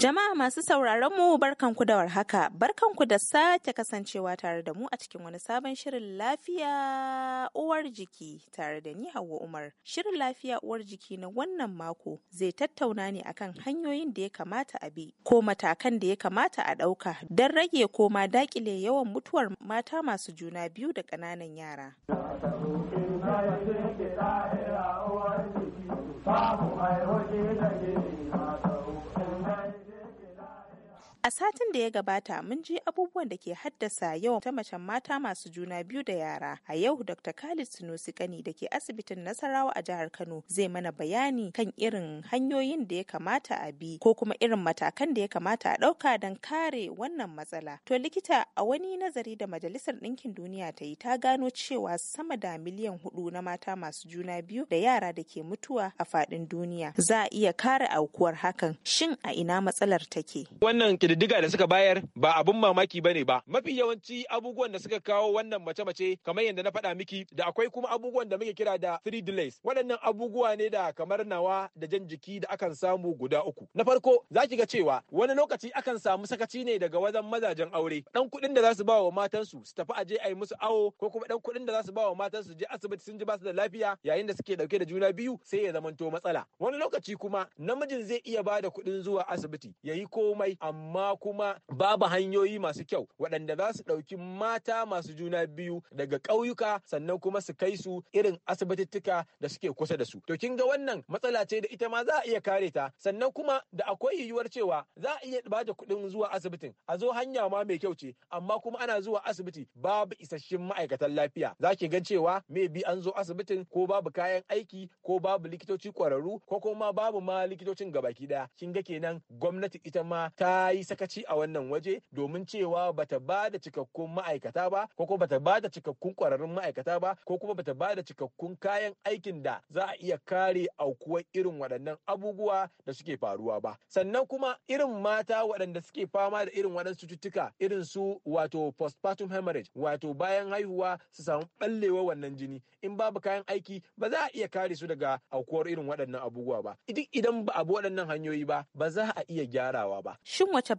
Jama'a masu sauraron mu barkanku da warhaka, barkanku da sake kasancewa tare da mu a cikin wani sabon shirin lafiya uwar jiki tare da ni Hauwa Umar. Shirin lafiya uwar jiki na wannan mako zai tattauna ne akan hanyoyin da ya kamata a bi ko matakan da ya kamata a ɗauka don rage ko ma dakile yawan mutuwar mata masu juna biyu da ƙananan yara. Babu mai da A satin da ya gabata mun ji abubuwan da ke haddasa yawan ta macen mata masu juna biyu da yara. A yau Dr. Khalid Sunusi Kani da ke asibitin Nasarawa a jihar Kano zai mana bayani kan irin hanyoyin da ya kamata a bi ko kuma irin matakan da ya kamata a ɗauka don kare wannan matsala. To likita a wani nazari da Majalisar Ɗinkin Duniya ta yi ta gano cewa sama da miliyan hudu na mata masu juna biyu da yara da ke mutuwa a faɗin duniya. Za a iya kare aukuwar hakan. Shin a ina matsalar take? Wannan ƙididdiga da suka bayar ba abun mamaki ba ne ba mafi yawanci abubuwan da suka kawo wannan mace-mace kamar yadda na faɗa miki da akwai kuma abubuwan da muke kira da three delays waɗannan abubuwa ne da kamar nawa da jan jiki da akan samu guda uku na farko za ki ga cewa wani lokaci akan samu sakaci ne daga wajen mazajen aure dan kuɗin da za su ba wa matansu su tafi aje a yi musu awo ko kuma dan kuɗin da za su ba wa matansu je asibiti sun ji ba su da lafiya yayin da suke ɗauke da juna biyu sai ya zamanto matsala wani lokaci kuma namijin zai iya ba da kuɗin zuwa asibiti ya yi komai amma amma kuma babu hanyoyi masu kyau waɗanda za su ɗauki mata masu juna biyu daga ƙauyuka sannan kuma su kai su irin asibitittuka da suke kusa da su to kin ga wannan matsala ce da ita ma za a iya kare ta sannan kuma da akwai yiwuwar cewa za a iya bada kuɗin zuwa asibitin a zo hanya ma mai kyau ce amma kuma ana zuwa asibiti babu isasshen ma'aikatan lafiya za ki ga cewa me bi an zo asibitin ko babu kayan aiki ko babu likitoci ƙwararru ko kuma babu ma likitocin gabaki ɗaya kin ga kenan gwamnati ita ma ta yi sakaci a wannan waje domin cewa bata ba da cikakkun ma'aikata ba ko kuma bata ba da cikakkun kwararrun ma'aikata ba ko kuma bata ba da cikakkun kayan aikin da za a iya kare aukuwar irin waɗannan abubuwa da suke faruwa ba sannan kuma irin mata waɗanda suke fama da irin waɗansu cututtuka irin su wato postpartum hemorrhage wato bayan haihuwa su samu ɓallewa wannan jini in babu kayan aiki ba za a iya kare su daga aukuwar irin waɗannan abubuwa ba duk idan ba abu waɗannan hanyoyi ba ba za a iya gyarawa ba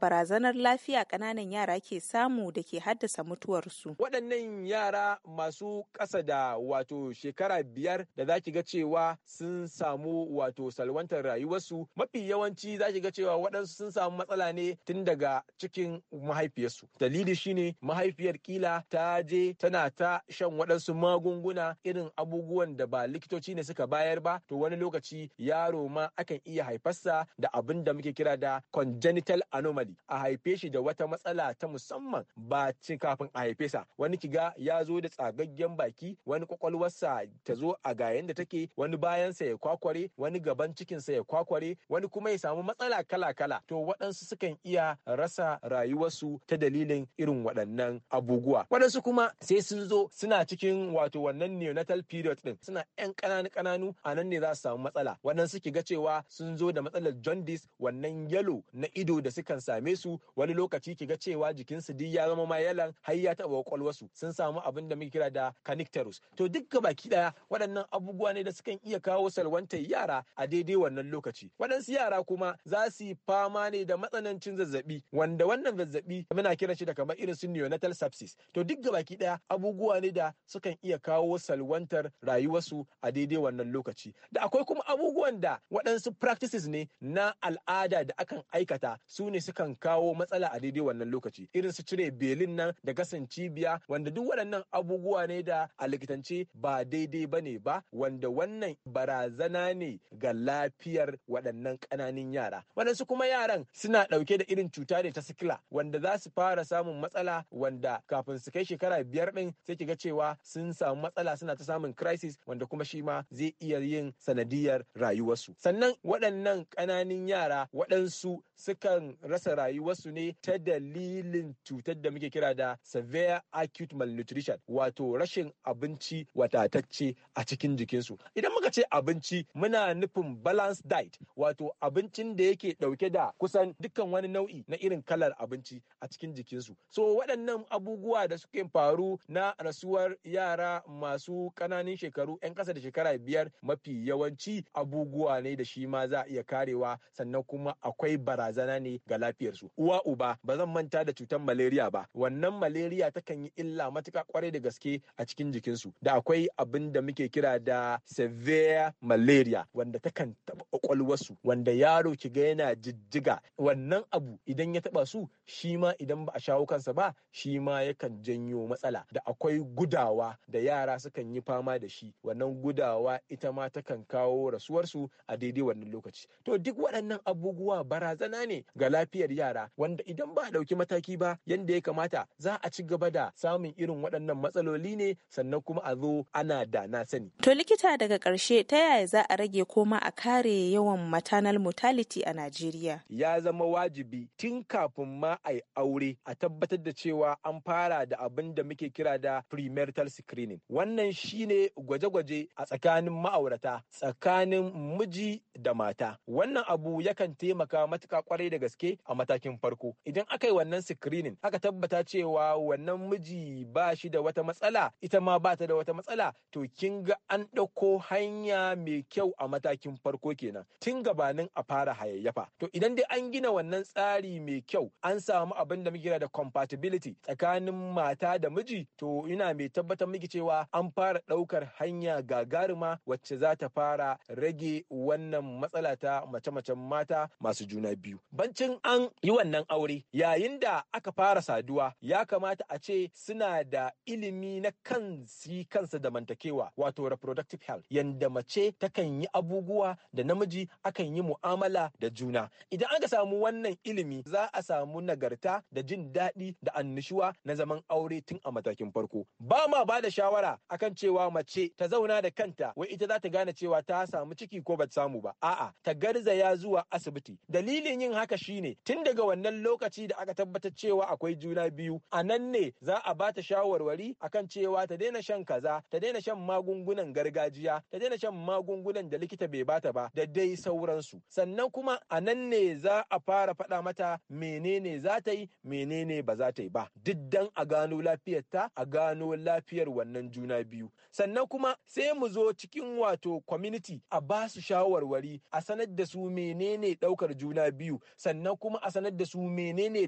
barazanar lafiya kananan yara ke samu da ke haddasa mutuwarsu. Waɗannan yara masu ƙasa da wato shekara biyar da za ki ga cewa sun samu wato salwantar rayuwarsu mafi yawanci za ki ga cewa waɗansu sun samu matsala ne tun daga cikin mahaifiyarsu. Dalili shine mahaifiyar kila ta je tana ta shan waɗansu magunguna irin abubuwan da ba likitoci ne suka bayar ba to wani lokaci yaro ma akan iya haifarsa da abin da muke kira da congenital anomaly. misali a haife shi da wata matsala ta musamman ba cin kafin a haife sa wani kiga ya zo da tsagaggen baki wani kwakwalwarsa ta zo a gayen da take wani bayan sa ya kwakware wani gaban cikin sa ya kwakware wani kuma ya samu matsala kala-kala to waɗansu sukan iya rasa rayuwarsu ta dalilin irin waɗannan abubuwa waɗansu kuma sai sun zo suna cikin wato wannan neonatal period din suna yan ƙananu ƙananu a nan ne za su samu matsala waɗansu kiga cewa sun zo da matsalar jaundice wannan yalo na ido da sukan sami same su wani lokaci ki ga cewa jikinsu duk ya zama mayalan har ya taba kwakwalwarsu sun samu abin da muke kira da canicterus to duk baki daya waɗannan abubuwa ne da sukan iya kawo salwantar yara a daidai wannan lokaci waɗansu yara kuma za su yi fama ne da matsanancin zazzabi wanda wannan zazzabi muna kiran shi da kamar irin su neonatal sepsis to duk baki daya abubuwa ne da sukan iya kawo salwantar rayuwarsu a daidai wannan lokaci da akwai kuma abubuwan da waɗansu practices ne na al'ada da akan aikata su ne sukan kan kawo matsala a daidai wannan lokaci irin su cire belin nan da gasan cibiya wanda duk waɗannan abubuwa ne da a likitance ba daidai ba ne ba wanda wannan barazana ne ga lafiyar waɗannan ƙananan yara waɗansu kuma yaran suna ɗauke da irin cuta ne ta sikila wanda za su fara samun matsala wanda kafin su kai shekara biyar ɗin sai ki ga cewa sun samu matsala suna ta samun crisis wanda kuma shi ma zai iya yin sanadiyar rayuwarsu sannan waɗannan ƙananan yara waɗansu sukan rasa rasa rayuwarsu ne ta dalilin cutar da muke kira da severe acute malnutrition wato rashin abinci watatacce a cikin jikinsu idan muka ce abinci muna nufin balance diet wato abincin da yake dauke da kusan dukkan wani nau'i na irin kalar abinci a cikin jikinsu so waɗannan abubuwa da suke faru na rasuwar yara masu ƙananan shekaru 'yan ƙasa da shekara biyar mafi yawanci abubuwa ne da shi ma za a iya karewa sannan kuma akwai barazana ne ga lafiya lafiyarsu uwa uba ba zan manta da cutar malaria ba wannan malaria takan yi illa matuka kwarai da gaske a cikin jikinsu da akwai abin da muke kira da severe malaria wanda takan taɓa ƙwaƙwalwarsu wanda yaro ki ga yana jijjiga wannan abu idan ya taɓa su shi ma idan ba a shawo kansa ba shi ma yakan janyo matsala da akwai gudawa da yara sukan yi fama da shi wannan gudawa ita ma takan kawo rasuwarsu a daidai wannan lokaci to duk waɗannan abubuwa barazana ne ga lafiyar yara wanda idan ba a ɗauki mataki ba yadda ya kamata za a ci gaba da samun irin waɗannan matsaloli ne sannan kuma a zo ana da na sani. To likita daga ƙarshe ta yaya za a rage koma a kare yawan maternal mortality a Najeriya? Ya zama wajibi tun kafin ma a aure a tabbatar da cewa an fara da abin da muke kira da premarital screening. Wannan shine gwaje-gwaje a tsakanin ma'aurata tsakanin miji da mata. Wannan abu yakan taimaka matuƙa kwarai da gaske a matakin farko idan aka yi wannan screening aka tabbata cewa wannan miji ba shi da wata matsala ita ma ba ta da wata matsala to kin ga an ɗauko hanya mai kyau a matakin farko kenan tun gabanin a fara hayayyafa to idan dai an gina wannan tsari mai kyau an samu abin da muke da compatibility tsakanin mata da miji to ina mai tabbatar miki cewa an fara ɗaukar hanya gagaruma wacce za ta fara rage wannan matsala ta mace-macen mata masu juna biyu bancin an yi wannan aure yayin da aka fara saduwa ya kamata a ce suna da ilimi na kansi kansa da mantakewa wato reproductive health yanda mace takan yi abubuwa da namiji akan yi mu'amala da juna idan aka samu wannan ilimi za a samu nagarta da jin daɗi da annishuwa na zaman aure tun a matakin farko ba ma ba da shawara akan cewa mace ta zauna da kanta wai ita za ta gane cewa ta samu ciki ko ba samu ba a'a ta garzaya zuwa asibiti dalilin yin haka shine tun daga wannan lokaci da aka tabbatar cewa akwai juna biyu a nan ne za a ba ta shawarwari akan cewa ta daina shan kaza ta daina shan magungunan gargajiya ta daina shan magungunan da likita bai bata ba da dai sauransu sannan kuma a nan ne za a fara faɗa mata menene za ta yi menene ba za ta yi ba duk dan a gano lafiyar ta a gano lafiyar wannan juna biyu sannan kuma sai mu zo cikin wato community a ba su shawarwari a sanar da su menene ɗaukar juna biyu sannan kuma a a sanar da su menene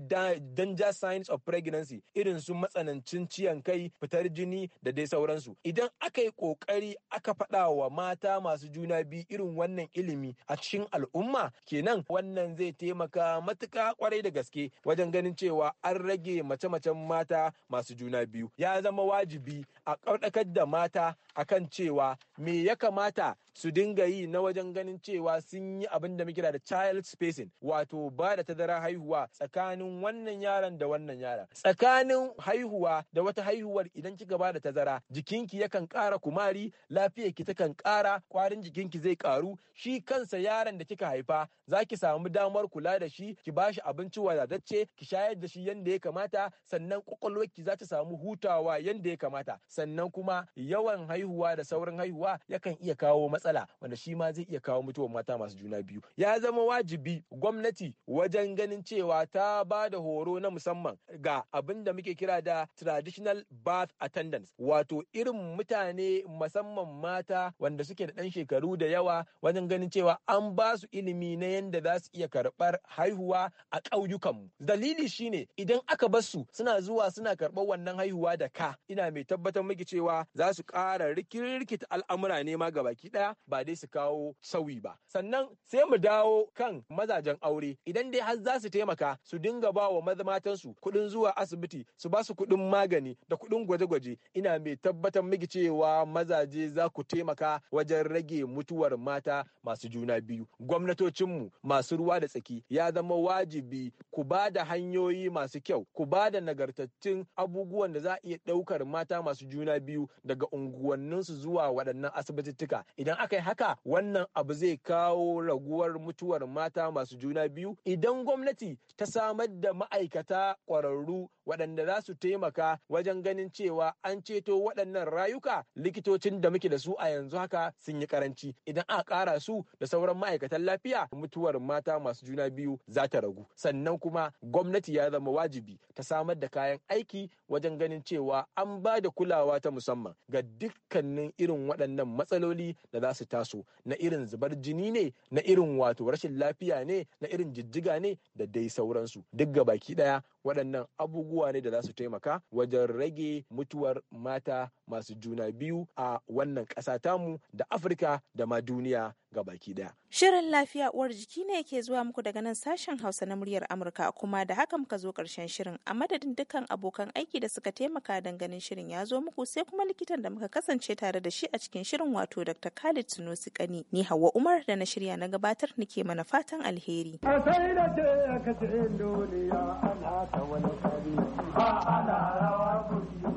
danger signs of pregnancy irin su matsanancin ciyan kai fitar jini da dai sauransu idan aka yi kokari aka faɗa wa mata masu juna biyu irin wannan ilimi a cikin al'umma kenan wannan zai taimaka matuka kwarai da gaske wajen ganin cewa an rage mace-macen mata masu juna biyu ya zama wajibi a kaudakar da mata akan cewa me ya kamata su dinga yi na wajen ganin cewa sun yi abin da muke da child spacing wato ba da tazara tazaran haihuwa tsakanin wannan yaron da wannan yaron tsakanin haihuwa da wata haihuwar idan kika ba da tazara jikinki yakan kara kumari lafiyarki takan ƙara kwarin jikinki zai karu shi kansa yaron da kika haifa zaki samu damar kula da shi ki bashi abinci wadatacce ki shayar da shi yanda ya kamata sannan kwakwalwarki za ta samu hutawa yanda ya kamata sannan kuma yawan haihuwa da saurin haihuwa yakan iya kawo matsala wanda shi ma zai iya kawo mutuwar mata masu juna biyu ya zama wajibi gwamnati wajen ganin cewa ta ba da horo na musamman ga abin da muke kira da traditional birth attendance wato irin mutane musamman mata wanda suke da ɗan shekaru da yawa wajen ganin cewa an ba su ilimi na yadda za su iya karɓar haihuwa a mu dalili shine idan aka bar su suna zuwa suna karɓar wannan haihuwa da ka ina mai tabbatar miki cewa za su ƙara rikirkita al'amura ne ma gabaki ɗaya ba dai su kawo sauyi ba sannan sai mu dawo kan mazajen aure idan dai har za su taimaka su dinga ba wa matansu kuɗin zuwa asibiti su ba su kuɗin magani da kuɗin gwaje-gwaje ina mai tabbatar miki cewa mazaje za ku taimaka wajen rage mutuwar mata masu juna biyu gwamnatocinmu masu ruwa da tsaki ya zama wajibi ku ba da hanyoyi masu kyau ku ba da nagartattun abubuwan da za a iya ɗaukar mata masu juna biyu daga unguwanninsu zuwa waɗannan asibitittuka idan aka yi haka wannan abu zai kawo raguwar mutuwar mata masu juna biyu idan gwamnati ta samar da ma'aikata ƙwararru waɗanda za su taimaka wajen ganin cewa an ceto waɗannan rayuka likitocin da muke da su a yanzu haka sun yi karanci idan a ƙara su da sauran ma'aikatan lafiya mutuwar mata masu juna biyu za ta ragu sannan kuma gwamnati ya zama wajibi ta samar da kayan aiki wajen ganin cewa an ba da kulawa ta musamman ga dukkanin irin waɗannan matsaloli da za su taso na irin zubar jini ne na irin wato rashin lafiya ne na irin jijjiga ne da dai sauransu duk ga baki daya waɗannan abubuwa ne da za su taimaka wajen rage mutuwar mata masu juna biyu a wannan ƙasa tamu da afirka da ma duniya ga baki daya. Shirin lafiya uwar jiki ne ke zuwa muku daga nan sashen Hausa na muryar Amurka kuma da haka muka zo ƙarshen shirin a madadin dukkan abokan aiki da suka taimaka don ganin shirin ya zo muku sai kuma likitan da muka kasance tare da shi a cikin shirin wato Dr. Khalid Sunusi Kani ni Hauwa Umar da na shirya na gabatar nake mana fatan alheri. wani kari ba ana rawa kuɗi